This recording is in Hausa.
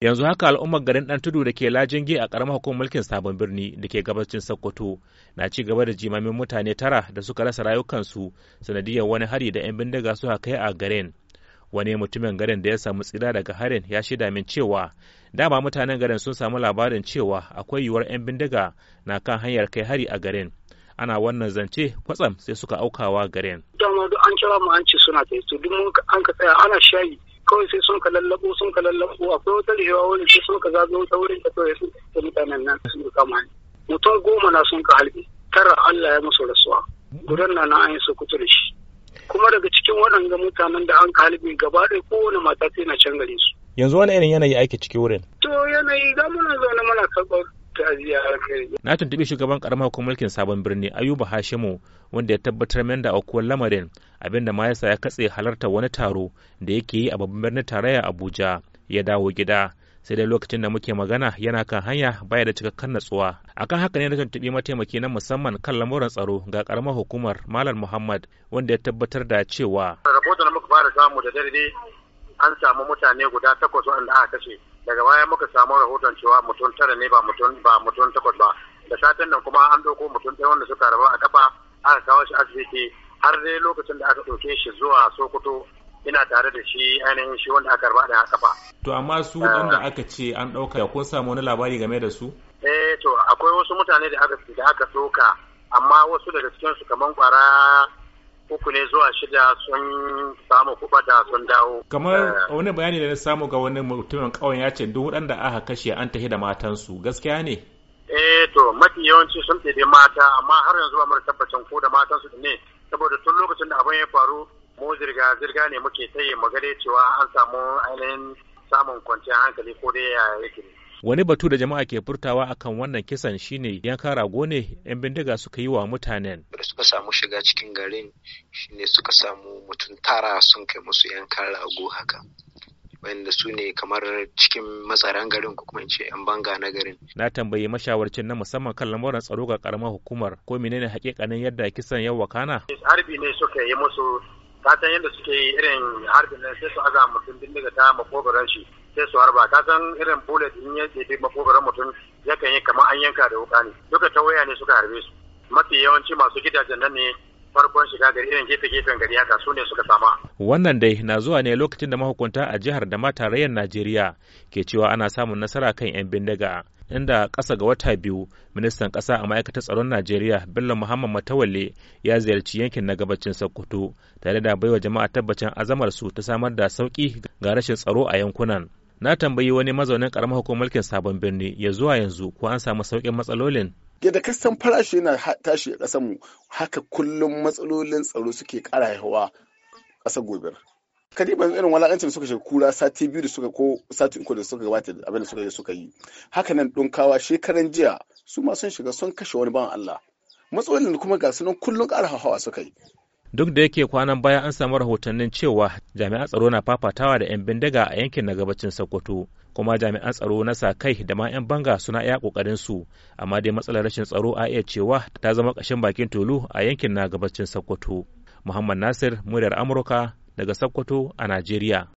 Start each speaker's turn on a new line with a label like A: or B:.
A: yanzu haka al'ummar garin dan tudu da ke lajinge a karamar hukumar mulkin sabon birni da ke gabacin sokoto na ci gaba da jimamin mutane tara da suka rasa rayukansu sanadiyar wani hari da 'yan bindiga suka kai a garin wani mutumin garin da ya samu tsira daga harin ya shaida min cewa dama mutanen garin sun samu labarin cewa akwai yiwuwar 'yan bindiga na kan hanyar kai hari a garin ana wannan zance kwatsam sai suka aukawa garin
B: dama an kira mu an ce suna kai su duk an ka tsaya ana shayi kawai sai sun ka lallabo sun ka lallabo akwai wata rihewa wani sai sun ka zazo ta wurin ka kawai sun ka mutanen nan sun ka kama ni mutum goma na sun ka halbe tara Allah ya musu rasuwa gudan na na an yi su kutu da shi kuma daga cikin waɗanda mutanen da an ka halbe gaba ɗaya kowane mata tana can gare su
A: yanzu wani irin yanayi aiki ciki wurin
B: to yanayi za mu na zaune muna karɓar
A: Na tuntuɓi shugaban karamar hukumar mulkin sabon birni Ayuba Hashimu wanda ya tabbatar min da aukuwar lamarin abinda ma yasa ya katse halarta wani taro da yake yi a babban birnin tarayya Abuja ya dawo gida. sai dai lokacin da muke magana yana kan hanya baya da cikakken natsuwa akan haka ne na tuntuɓi mataimaki na musamman kan lamuran tsaro ga karamar hukumar malam muhammad wanda ya tabbatar da cewa
B: rabo da muka fara samu da dare an samu mutane guda takwas wanda aka kashe daga baya muka samu rahoton cewa mutum tara ne ba mutum ba mutum takwas ba da satin nan kuma an doko mutum ɗaya wanda suka raba a kafa aka kawo shi asibiti har dai lokacin da aka ɗauke shi zuwa sokoto ina tare da shi ainihin shi wanda aka raba a kafa.
A: To amma su da eh. aka ce an ɗauka kun samu wani labari game da su?
B: Eh to akwai wasu mutane da aka da aka ɗauka amma wasu daga cikin su kamar kwara uku ne zuwa shida sun samu kuɓa da sun dawo. Kamar
A: eh. wani bayani da na samu ga wani mutumin ƙauyen ya ce duk waɗanda aka kashe an tafi da matansu gaskiya ne?
B: Eh to mafi yawanci sun ɗebe mata amma har yanzu ba mara tabbacin ko da matansu ne saboda tun lokacin da abin ya faru mu zirga zirga ne muke yi magare cewa an samu ainihin samun kwanciyar hankali ko da
A: ya yake. wani batu da jama'a ke furtawa akan wannan kisan shine yankan rago ne yan bindiga suka yi wa mutanen da suka samu shiga cikin garin shine suka samu mutum tara sun kai musu yankan rago haka wanda su ne kamar cikin matsaran garin ko kuma ce yan banga na garin. Na tambayi mashawarcin na musamman kan lamuran tsaro ga karamar hukumar ko menene hakikanin yadda kisan yau wakana?
B: Harbi ne suka yi musu fatan yadda suke yi irin harbin nan sai su aza mutum bindiga ta makogaran shi sai su harba ka san irin bullet in ya ɗebi makogaron mutum ya yakan yi kamar an yanka da wuka ne duka ta waya ne suka harbe su mafi yawanci masu gidajen nan ne farkon shiga gari irin gefe gefen gari haka su ne suka sama.
A: Wannan dai na zuwa ne lokacin da mahukunta a jihar da ma tarayyar Najeriya ke cewa ana samun nasara kan 'yan bindiga. Inda ƙasa ga wata biyu, ministan ƙasa a ma'aikatar tsaron Najeriya Bello Muhammad Matawalle ya ziyarci yankin na gabacin Sokoto tare da baiwa jama'a tabbacin azamar su ta samar da sauki ga rashin tsaro a yankunan. na tambayi wani mazaunin karamar hukumar mulkin sabon birni ya zuwa yanzu ko an samu sauƙin matsalolin yadda kasan farashi yana tashi a ƙasar mu haka kullum matsalolin tsaro suke ƙara haihuwa ƙasar gobe ban irin walakancin da suka shiga kura sati biyu da suka ko sati uku da suka gabata abin da suka yi suka yi haka nan dunkawa shekaran jiya su ma sun shiga sun kashe wani ban Allah matsalolin kuma ga sunan kullum ƙara hawa suka yi duk da yake kwanan baya an samu rahotannin cewa jami'an tsaro na fafatawa da 'yan bindiga a yankin na gabacin sokoto kuma jami'an tsaro na sa kai da ma 'yan banga suna iya kokarin su amma dai matsalar rashin tsaro a iya cewa ta zama ƙashin bakin tulu a yankin na gabacin sokoto muhammad nasir muryar amurka daga sokoto a najeriya